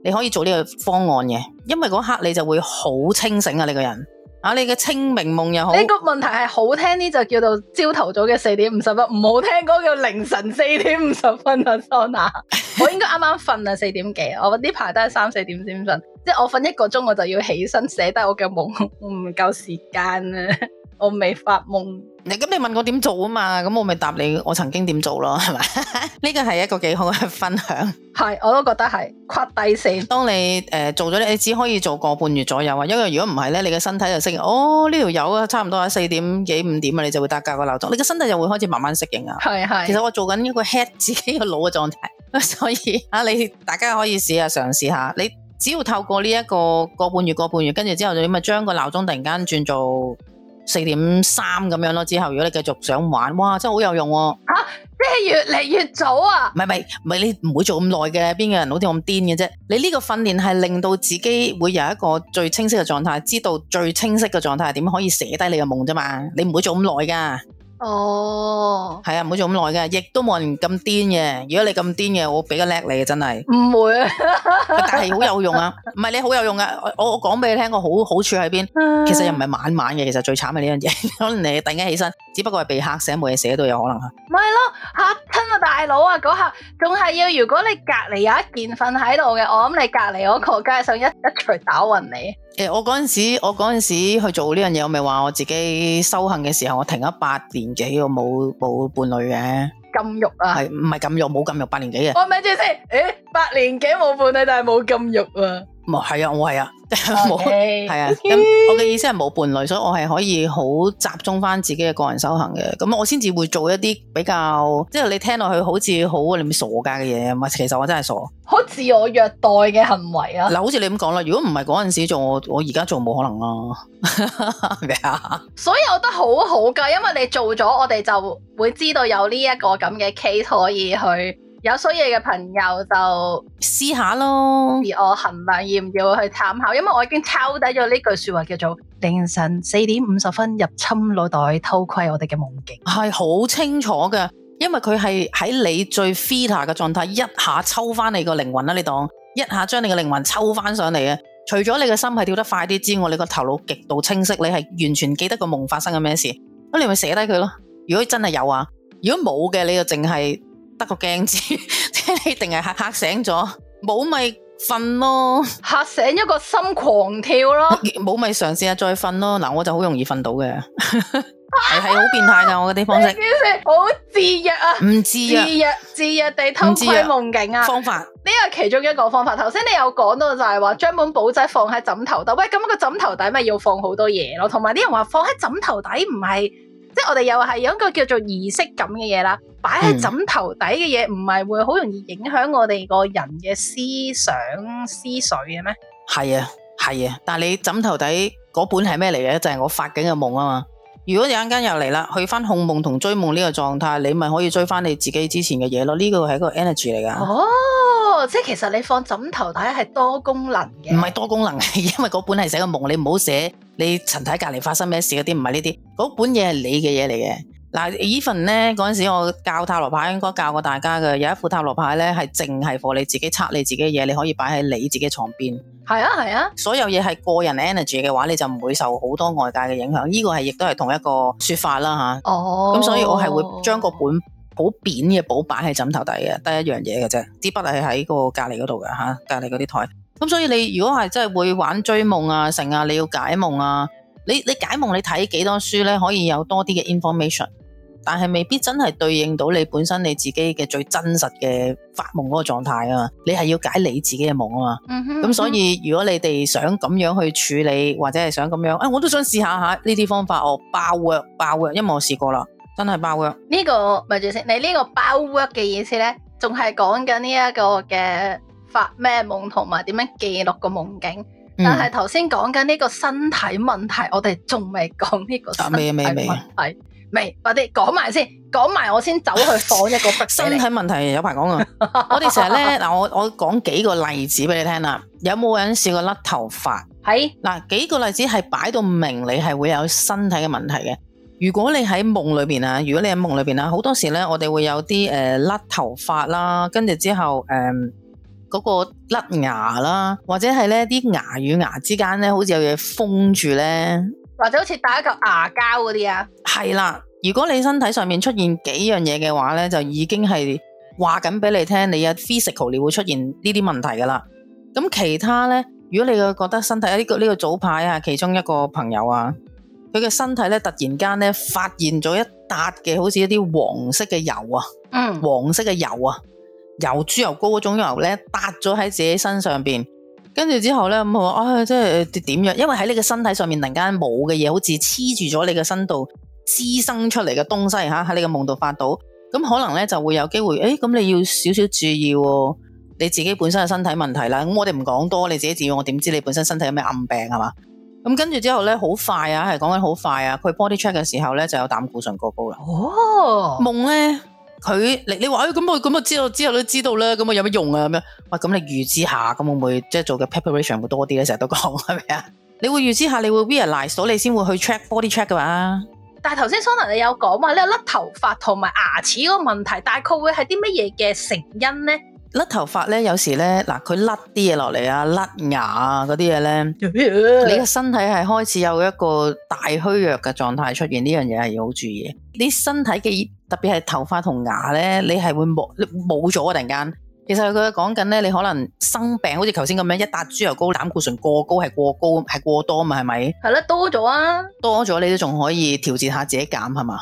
[SPEAKER 2] 你可以做呢個方案嘅，因為嗰刻你就會好清醒啊！你個人。啊！你嘅清明夢又好，呢個
[SPEAKER 1] 問題係好聽啲就叫做朝頭早嘅四點五十分，唔好聽嗰個叫凌晨四點五十分啊！Sona， [LAUGHS] 我應該啱啱瞓啊，四點幾，我呢排都係三四點先瞓，即係我瞓一個鐘我就要起身寫低我嘅夢，唔夠時間啊！ [LAUGHS] 我未發夢，
[SPEAKER 2] 咁你問我點做啊嘛？咁我咪答你，我曾經點做咯，係咪？呢個係一個幾好嘅分
[SPEAKER 1] 享。係， [LAUGHS] 我都覺得係。跨第四，
[SPEAKER 2] 當你誒、呃、做咗你只可以做個半月左右啊，因為如果唔係咧，你嘅身體就適應。哦，呢條友啊，差唔多啊，四點幾五點啊，你就會搭架個鬧鐘，你嘅身體就會開始慢慢適應啊。係係是。其實我做緊一個 head 自己嘅腦嘅狀態，所以啊，你大家可以試下嘗試下，你只要透過呢、這、一個個半月個半月，跟住之後你咪將個鬧鐘突然間轉做。四點三咁樣咯，之後如果你繼續想玩，哇，真係好有用喎、啊！吓、
[SPEAKER 1] 啊，即係越嚟越早啊！
[SPEAKER 2] 唔係唔係唔係，你唔會做咁耐嘅，邊個人好似咁癲嘅啫？你呢個訓練係令到自己會有一個最清晰嘅狀態，知道最清晰嘅狀態係點可以寫低你嘅夢啫嘛？你唔會做咁耐噶。
[SPEAKER 1] 哦，
[SPEAKER 2] 係啊，唔會做咁耐噶，亦都冇人咁癲嘅。如果你咁癲嘅，我比較叻你嘅真係
[SPEAKER 1] 唔不會。 [LAUGHS] [LAUGHS] 但係
[SPEAKER 2] 好有用啊，唔係你好有用噶，我我講俾你聽，個好好處喺邊，啊、其實又唔係晚晚嘅，其實最慘係呢樣嘢，可能你突然間起身，只不過係被嚇醒冇嘢寫都有可能吓，
[SPEAKER 1] 咪咯嚇親啊大佬啊，嗰下仲係要如果你隔籬有一件瞓喺度嘅，我諗你隔籬我個計上一一錘打暈你。
[SPEAKER 2] 誒、啊，我嗰陣時我陣時去做呢樣嘢，我咪話我自己修行嘅時候，我停咗八年幾，我冇冇伴侶嘅。
[SPEAKER 1] 禁慾啊，係唔係
[SPEAKER 2] 禁慾？冇禁慾，八年幾啊？我
[SPEAKER 1] 咪住先，誒，八年幾冇伴女，但係冇禁慾啊？
[SPEAKER 2] 唔係啊，我係啊。
[SPEAKER 1] 冇係啊，咁 Okay.
[SPEAKER 2] [NOISE] [NOISE] 我嘅意思係冇伴侶，所以我係可以好集中翻自己嘅個人修行嘅，咁我先至會做一啲比較，即係你聽落去好似好你咪傻噶嘅嘢唔係，其實我真係傻，
[SPEAKER 1] 好自我虐待嘅行為啊！嗱， [NOISE] 好似你咁
[SPEAKER 2] 講啦，如果唔係嗰陣時做，我我而家做冇可能囉，
[SPEAKER 1] [LAUGHS] 所以我覺得好好噶因為你做咗，我哋就會知道有呢一個咁嘅 case 可以去。有需要嘅朋友就試下咯。而我衡量要唔要去參考，因為我已經抄低咗呢句說話，叫做凌晨四點五十分入侵腦袋偷窺我哋嘅夢境，係好清楚㗎。因為佢係
[SPEAKER 2] 喺你最 fear 嘅狀態，一下抽翻你個靈魂啦，你當一下將你個靈魂抽翻上嚟啊！除咗你個心係跳得快啲之外，你個頭腦極度清晰，你係完全記得個夢發生緊咩事。咁你咪寫低佢咯。如果真係有啊，如果冇嘅，你就淨係。得個鏡子，即係你定係吓吓醒咗，冇咪瞓咯，
[SPEAKER 1] 吓醒一個心狂跳咯，
[SPEAKER 2] 冇咪嘗試下再瞓咯。嗱，我就好容易瞓到嘅，係係好變態噶我嗰啲方式，你
[SPEAKER 1] 好自虐啊，唔自虐，自虐地偷窺夢境啊，方法呢個其中一個方法。頭先你有講到就係話將本簿仔放喺枕頭度。喂，咁個枕頭底咪要放好多嘢咯，同埋啲人話放喺枕頭底唔係。即係我哋又係有一個叫做儀式感嘅嘢啦，擺喺枕頭底嘅嘢唔係會好容易影響我哋個人嘅思想思緒嘅咩？
[SPEAKER 2] 係啊係啊，但係你枕頭底嗰本係咩嚟嘅？就係、是、我發緊嘅夢啊嘛。如果突然間又嚟啦，去翻控夢同追夢呢個狀態，你咪可以追翻你自己之前嘅嘢咯。呢個係一個 energy 嚟噶。
[SPEAKER 1] 哦，即其實你放枕頭底係多功能
[SPEAKER 2] 嘅。唔係多功能，因為嗰本係寫個夢，你唔好寫你陳太隔籬發生咩事嗰啲，唔係呢啲。嗰本嘢係你嘅嘢嚟嘅。嗱，even 咧嗰陣時，我教塔羅牌應該教過大家嘅，有一副塔羅牌咧係淨係放你自己測你自己嘅嘢，你可以擺喺你自己床邊。係啊，係啊，所有嘢係個人 energy 嘅話，你就唔會受好多外界嘅影響。呢個係亦都係同一個説法啦嚇。哦，咁所以我係會將個本好扁嘅簿擺喺枕頭底嘅，得一樣嘢嘅啫。支筆係喺個隔離嗰度嘅嚇，隔離嗰啲台。咁所以你如果係真係會玩追夢啊、成啊，你要解夢啊，你你解夢你睇幾多書咧，可以有多啲嘅 information。但係未必真係對應到你本身你自己嘅最真實嘅發夢嗰個狀態啊！你係要解你自己嘅夢啊嘛！
[SPEAKER 1] 咁、嗯嗯、所以如
[SPEAKER 2] 果你哋想咁樣去處理，或者係想咁樣，誒、哎，我都想試下下呢啲方法哦，包 work 包 work，因為我試過啦，真係包 work。呢、
[SPEAKER 1] 這個咪住先，你呢個包 work 嘅意思咧，仲係講緊呢一個嘅發咩夢，同埋點樣記錄個夢境。嗯、但係頭先講緊呢個身體問題，我哋仲未講呢個身體問未，我講埋先，講埋我先走去放一個
[SPEAKER 2] [LAUGHS] 身體問題有講。有排講啊，
[SPEAKER 1] 我哋成日咧嗱，
[SPEAKER 2] 我我講幾個例子俾你聽啦。有冇人試過甩頭髮？係嗱是，幾個例子係擺到明，你係會有身體嘅問題嘅。如果你喺夢裏邊啊，如果你喺夢裏邊啊，好多時咧，我哋會有啲誒甩頭髮啦，跟、呃、住之後誒嗰、呃那個甩牙啦，或者係咧啲牙與牙之間咧，好似有嘢封住咧，
[SPEAKER 1] 或者好似戴一嚿牙膠嗰啲啊，係
[SPEAKER 2] 啦。 [LAUGHS] 如果你身體上面出現幾樣嘢嘅話咧，就已經係話緊俾你聽，你有 physical 你會出現呢啲問題噶啦。咁其他咧，如果你個覺得身體呢、這個呢、這個早排啊，其中一個朋友啊，佢嘅身體咧突然間咧發現咗一笪嘅好似一啲黃色嘅油啊，
[SPEAKER 1] 嗯，
[SPEAKER 2] 黃色嘅油啊，油豬油膏嗰種油咧笪咗喺自己身上邊，跟住之後咧咁佢話啊，即係點樣？因為喺你嘅身體上面突然間冇嘅嘢，好似黐住咗你嘅身度。滋生出嚟嘅東西吓喺你嘅夢度發到，咁可能咧就會有機會，誒、欸，咁你要少少注意，哦，你自己本身嘅身體問題啦。咁我哋唔講多，你自己注意。我點知你本身身體有咩暗病係嘛？咁跟住之後咧，好快啊，係講緊好快啊，佢 body check 嘅時候咧就有膽固醇過高啦。哦，夢咧，佢你你話，誒、哎，咁我咁我知道之後都知道啦，咁我有乜用啊？咁樣，喂，咁你預知下，咁會唔會即係做嘅 preparation 會多啲咧？成日都講係咪啊？ [LAUGHS] 你會預知下，你會 realize 到你先會去 check body check 噶嘛？
[SPEAKER 1] 但係頭先，Sona 你有講嘛？你有甩頭髮同埋牙齒嗰個問題，大概會係啲乜嘢嘅成因呢？
[SPEAKER 2] 甩頭髮咧，有時咧，嗱佢甩啲嘢落嚟啊，甩牙啊嗰啲嘢咧，呢 Yeah. 你個身體係開始有一個大虛弱嘅狀態出現，呢樣嘢係要好注意。你身體嘅特別係頭髮同牙咧，你係會冇冇咗啊，突然間。其實佢講緊咧，你可能生病，好似頭先咁樣一笪豬油膏，膽固醇過高係過高，係過多嘛，係咪？係啦，多咗啊！多咗你都仲可以調節下自己減，係嘛？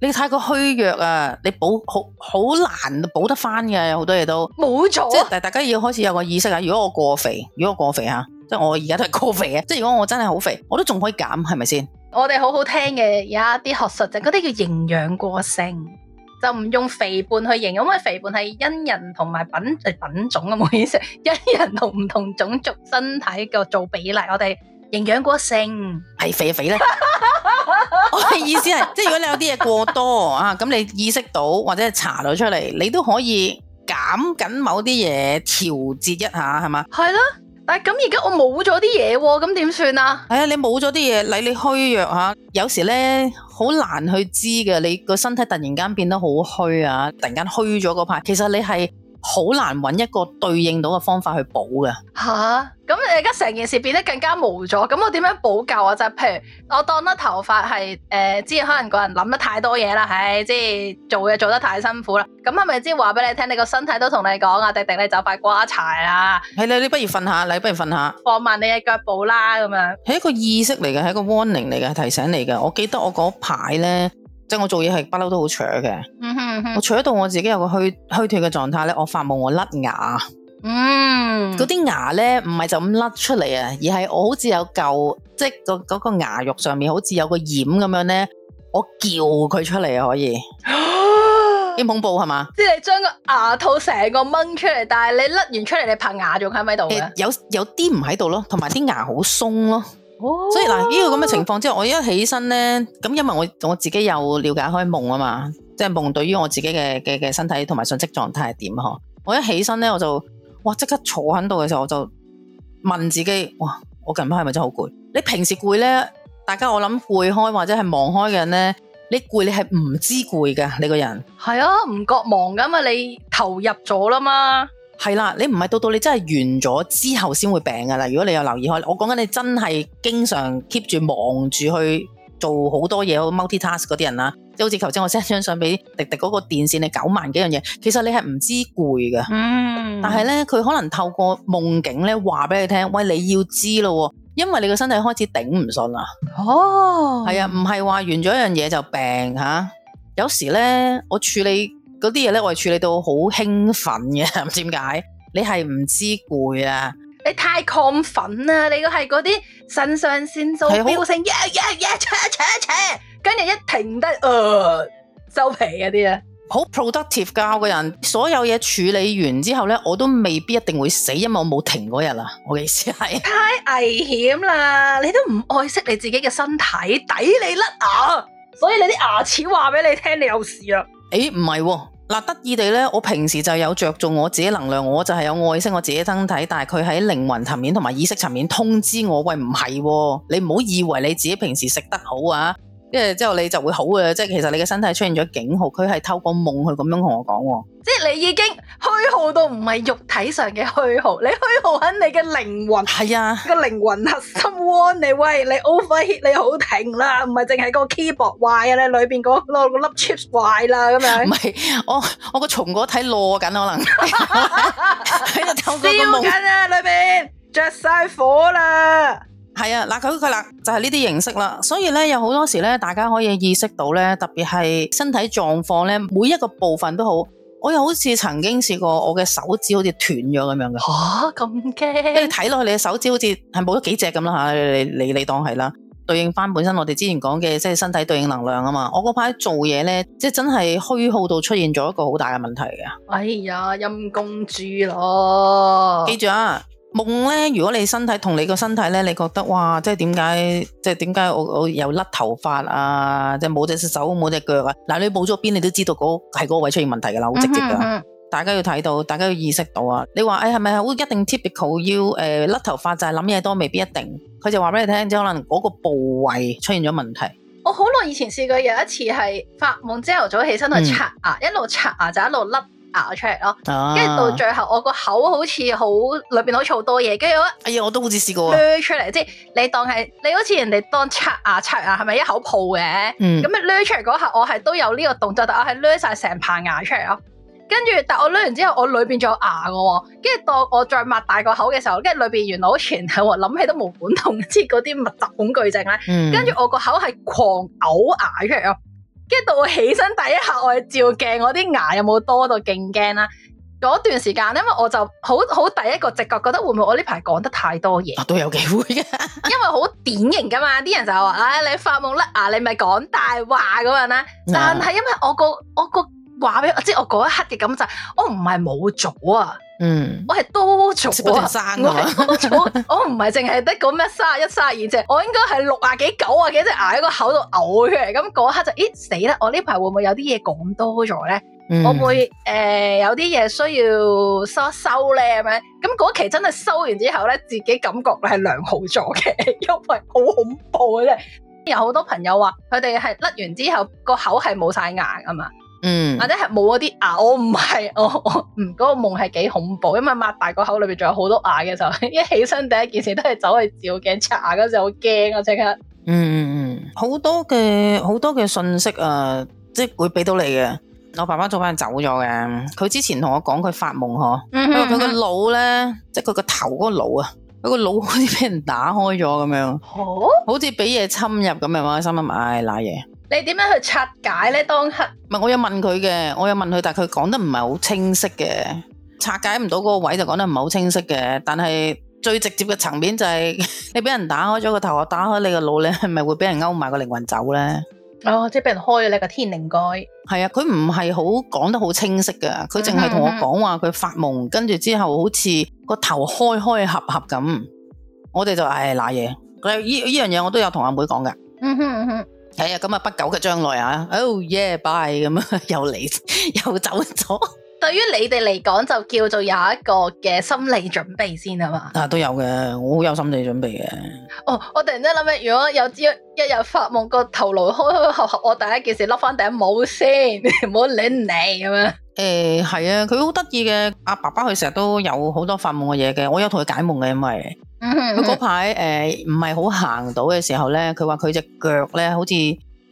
[SPEAKER 2] 你太過虛弱啊，你補好好難補得翻嘅，好多嘢都冇錯。錯即係但大家要開始有個意識啊！如果我過肥，如果我過肥吓，即係我而家都係過肥嘅，即係如果我真係好肥，我都仲可以減，係咪先？
[SPEAKER 1] 我哋好好聽嘅有一啲學術就嗰啲叫營養過剩。就唔用肥胖去形容，因為肥胖係因人同埋品品種嘅冇意思，因人同唔同種族身體嘅做比例，我哋營養過剩係肥肥咧。 [LAUGHS] 我嘅意思係，即係如果你有啲嘢過
[SPEAKER 2] 多啊，咁 [LAUGHS] 你意識到或者查到出嚟，你都可以減緊某啲嘢，調節一下係嘛？係咯。誒，咁而家我冇咗啲嘢，咁點算啊？係啊、哎，你冇咗啲嘢，你你虛弱吓，有時咧好難去知嘅，你個身體突然間變得好虛啊，突然間虛咗嗰排，其實你係。好難揾一個對應到嘅方法去補嘅。
[SPEAKER 1] 吓、啊，咁你而家成件事變得更加無助，咁我點樣補救啊？就係，譬如我當得頭髮係，誒、呃，即係可能個人諗得太多嘢啦，唉、哎，即係做嘢做得太辛苦啦，咁係咪即係話俾你聽？你個身體都同你講啊，迪迪你就快瓜柴啦。係啦，你不如瞓下，
[SPEAKER 2] 你不如瞓下，
[SPEAKER 1] 放慢你嘅腳步啦，咁樣。
[SPEAKER 2] 係一個意識嚟嘅，係一個 warning 嚟嘅，係提醒嚟嘅。我記得我嗰排咧。即係我做嘢係不嬲都好扯嘅
[SPEAKER 1] ，mm hmm. 我除
[SPEAKER 2] 到我自己有個虛虛脫嘅狀態咧，我發夢我甩牙，嗯、mm，嗰、hmm. 啲牙咧唔係就咁甩出嚟啊，而係我好似有嚿，即係個嗰個牙肉上面好似有個染咁樣咧，我叫佢出嚟啊，可以，好 [LAUGHS] 恐怖係嘛？
[SPEAKER 1] 即係你將個牙套成個掹出嚟，但係你甩完出嚟，你拍牙仲喺咪度？有
[SPEAKER 2] 有啲唔喺度咯，同埋啲牙好鬆咯。哦、所以嗱，呢、呢個咁嘅情況之後，我一起身咧，咁因為我我自己有了解開夢啊嘛，即係夢對於我自己嘅嘅嘅身體同埋信息狀態係點呵？我一起身咧，我就哇即刻坐喺度嘅時候，我就問自己：哇，我近排係咪真係好攰？你平時攰咧，大家我諗攰開或者係忙開嘅人咧，你攰你係唔知攰㗎，你個人係啊，唔覺忙
[SPEAKER 1] 噶嘛，你投入咗啦嘛。
[SPEAKER 2] 係啦，你唔係到到你真係完咗之後先會病噶啦。如果你又留意開，我講緊你真係經常 keep 住忙住去做好多嘢，multitask 嗰啲人啦，即好似頭先我 send 張相俾迪迪嗰個電線，你九萬幾樣嘢，其實你係唔知攰噶。嗯，
[SPEAKER 1] 但係咧，
[SPEAKER 2] 佢可能透過夢境咧話俾你聽，喂，你要知咯，因為你個身體開始頂唔順啦。
[SPEAKER 1] 哦，係啊，
[SPEAKER 2] 唔係話完咗一樣嘢就病吓，有時咧我處理。嗰啲嘢咧，我係處理到好興奮嘅，唔知點解你係唔知攰啊？
[SPEAKER 1] 你太亢奮啦！你個係嗰啲腎上腺素，飆升跟住一停得，呃，收皮嗰啲啊，好 productive
[SPEAKER 2] 㗎我個人，所有嘢處理完之後咧，我都未必一定會死，因為我冇停嗰日啦，我
[SPEAKER 1] 嘅意思係太危險啦！你都唔愛惜你自己嘅身體，抵你甩牙，啊、所以你啲牙齒話俾你聽，你有事、欸、啊！誒唔係喎。嗱、啊，得
[SPEAKER 2] 意地呢，我平時就有着重我自己能量，我就係有愛惜我自己身體，但係佢喺靈魂層面同埋意識層面通知我，喂，唔係、哦，你唔好以為你自己平時食得好啊！跟住之後你就會好嘅，即係其實你嘅身體出現咗警號，佢係透過夢去咁樣同我講，即
[SPEAKER 1] 係你已經虛耗到唔係肉體上嘅虛耗，你虛耗緊你嘅靈魂，係啊、哎呀，個靈魂核心喎，你喂，你 overheat 你好停啦，唔係淨係個 keyboard 壞啊咧，裏邊嗰粒 chip 壞啦咁樣，唔係我我個松果體落緊可能，喺度 [LAUGHS] [LAUGHS] 透個夢燒緊啊，裏邊
[SPEAKER 2] 着晒火啦！係啊，嗱佢佢啦就係呢啲形式啦，所以咧有好多時咧，大家可以意識到咧，特別係身體狀況咧，每一個部分都好。我又好似曾經試過，我嘅手指好似斷咗咁樣嘅。吓
[SPEAKER 1] 咁驚？因為睇
[SPEAKER 2] 落去你嘅手指好似係冇咗幾隻咁啦吓，你你你，你當係啦，對應翻本身我哋之前講嘅即係身體對應能量啊嘛。我嗰排做嘢咧，即係真係虛耗到出現咗一個好大嘅問題
[SPEAKER 1] 嘅。哎呀，陰公豬咯，記住啊！
[SPEAKER 2] 夢咧，如果你身體同你個身體咧，你覺得哇，即係點解？即係點解我我又甩頭髮啊？即係冇隻手冇隻腳啊？嗱，你冇咗邊，你都知道嗰係嗰位出現問題噶啦，好直接噶。嗯嗯、大家要睇到，大家要意識到啊！你話誒係咪好一定 typical 要誒甩頭髮就係諗嘢多？未必一定。佢就話俾你聽，即可能嗰個部位出現咗問題。
[SPEAKER 1] 我好耐以前試過有一次係發夢，朝頭早起身去刷牙，一路刷牙就一路甩。.牙出嚟咯，跟住到最後我個口好似好裏邊好似好多嘢，跟住我
[SPEAKER 2] 哎呀，我都好似試過，捋
[SPEAKER 1] 出嚟，即係你當係你，你好似人哋當刷牙刷牙，係咪一口泡嘅？咁啊捋出嚟嗰刻我係都有呢個動作，但我係捋晒成排牙出嚟咯。跟住，但我捋完之後，我裏邊仲有牙㗎，跟住當我再擘大個口嘅時候，跟住裏邊原來好似係，諗起都冇管痛，即係嗰啲密集恐懼症咧。跟住、嗯、我個口係狂嘔牙出嚟咯。跟住到我起身第一下，我照鏡，我啲牙有冇多到勁驚啦？嗰段時間，因為我就好好第一個直覺覺得會唔會我呢排講得太多嘢？
[SPEAKER 2] 都有機會
[SPEAKER 1] 嘅， [LAUGHS] 因為好典型㗎嘛，啲人就話：唉、哎，你發夢甩牙，你咪講大話咁樣啦。嗯、但係因為我個我個話俾我知，我嗰一刻嘅感受，我唔係冇做啊。嗯，我係多咗啊，像像生啊，我唔係淨係得嗰咩三十一、三十二隻31，隻，我應該係六啊幾、九啊幾隻牙喺個口度嘔嘅。咁嗰刻就，咦，死啦！我呢排會唔會有啲嘢講多咗咧？嗯、我會誒、呃、有啲嘢需要收一收咧咁樣。咁嗰期真係收完之後咧，自己感覺係良好咗嘅，因為好恐怖嘅。有好多朋友話佢哋係甩完之後個口係冇晒牙啊嘛。嗯，或者係冇嗰啲牙，我唔係，我我嗯嗰、嗰個夢係幾恐怖，因為擘大個口裏邊仲有好多牙嘅時候，一起身第一件事都係走去照鏡刷牙嗰陣時好驚啊！即刻，嗯嗯
[SPEAKER 2] 嗯，好多嘅好多嘅信息啊，即係會俾到你嘅。我爸爸早排走咗嘅，佢之前同我講佢發夢嗬，佢話佢個腦咧，即係佢個頭嗰個腦啊，佢個腦好似俾人打開咗咁、哦、樣，好似俾嘢侵入咁樣，我心諗唉瀨嘢。哎
[SPEAKER 1] 你點樣去拆解呢？當刻
[SPEAKER 2] 唔係我有問佢嘅，我有問佢，但係佢講得唔係好清晰嘅，拆解唔到嗰個位就講得唔係好清晰嘅。但係最直接嘅層面就係、是、你俾人打開咗個頭，我打開你個腦咧，係咪會俾人勾埋個靈魂走呢？哦，即係俾人開咗你個天靈蓋。係啊，佢唔係好講得好清晰嘅，佢淨係同我講話佢發夢，嗯、哼哼跟住之後好似個頭開開合合咁。我哋就唉嗱嘢，呢呢樣嘢我都有同阿妹講嘅。嗯
[SPEAKER 1] 哼、哼。
[SPEAKER 2] 係啊，咁啊不久嘅將來啊，Oh yeah，bye 咁啊，又嚟又走咗。
[SPEAKER 1] 對於你哋嚟講，就叫做有一個嘅心理準備先係嘛？
[SPEAKER 2] 啊，都有嘅，我好有心理準備嘅。哦，
[SPEAKER 1] 我突然間諗起，如果有朝一日發夢個頭腦開開合合，我第一件事笠翻頂帽先，唔好理你咁啊。誒，
[SPEAKER 2] 係啊，佢好得意嘅。阿爸爸佢成日都有好多發夢嘅嘢嘅，我有同佢解夢嘅，因為。佢嗰排誒唔係好行到嘅時候咧，佢話佢隻腳咧好似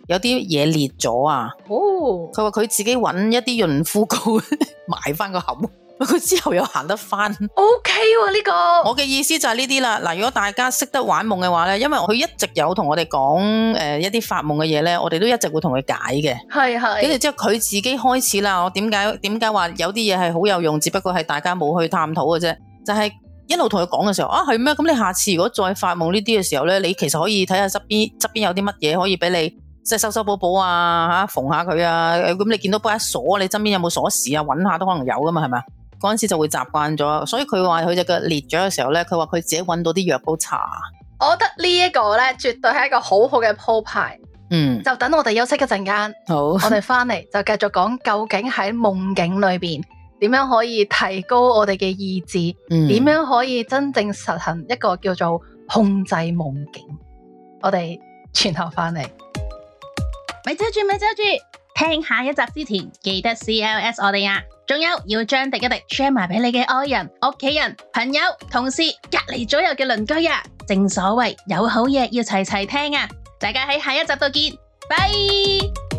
[SPEAKER 2] 有啲嘢裂咗啊！哦，佢話佢自己搵一啲潤膚膏， [LAUGHS] 埋翻回個口，佢 [LAUGHS] 之後又行得翻。O K 喎呢個，我嘅意思就係呢啲啦。嗱，如果大家識得玩夢嘅話咧，因為佢一直有同我哋講誒一啲發夢嘅嘢咧，我哋都一直會同佢解嘅。
[SPEAKER 1] 係係是，跟住之後佢
[SPEAKER 2] 自己開始啦。我點解點解話有啲嘢係好有用，只不過係大家冇去探討嘅啫，就係、是。一路同佢講嘅時候，啊，係咩？咁你下次如果再發夢呢啲嘅時候咧，你其實可以睇下側邊，側邊有啲乜嘢可以俾你即係修修補補啊，嚇縫下佢啊。咁、啊、你見到把鎖，你側邊有冇鎖匙啊？揾下都可能有噶嘛，係咪啊？嗰陣時就會習慣咗，所以佢話佢隻腳裂咗嘅時候咧，佢話佢自己揾到啲藥膏搽。
[SPEAKER 1] 我覺得呢一個咧，絕對係一個好好嘅鋪排。嗯，就等我哋休息一陣間。好，我哋翻嚟就繼續講究竟喺夢境裏邊。點樣可以提高我哋嘅意志？點、嗯、樣可以真正實行一個叫做控制夢境？我哋轉頭翻嚟，咪走住咪走住！聽下一集之前記得 C L S 我哋啊！仲有要將廸一廸 share 埋俾你嘅愛人、屋企人、朋友、同事、隔籬左右嘅鄰居啊！正所謂有好嘢要齊齊聽啊！大家喺下一集再見，拜。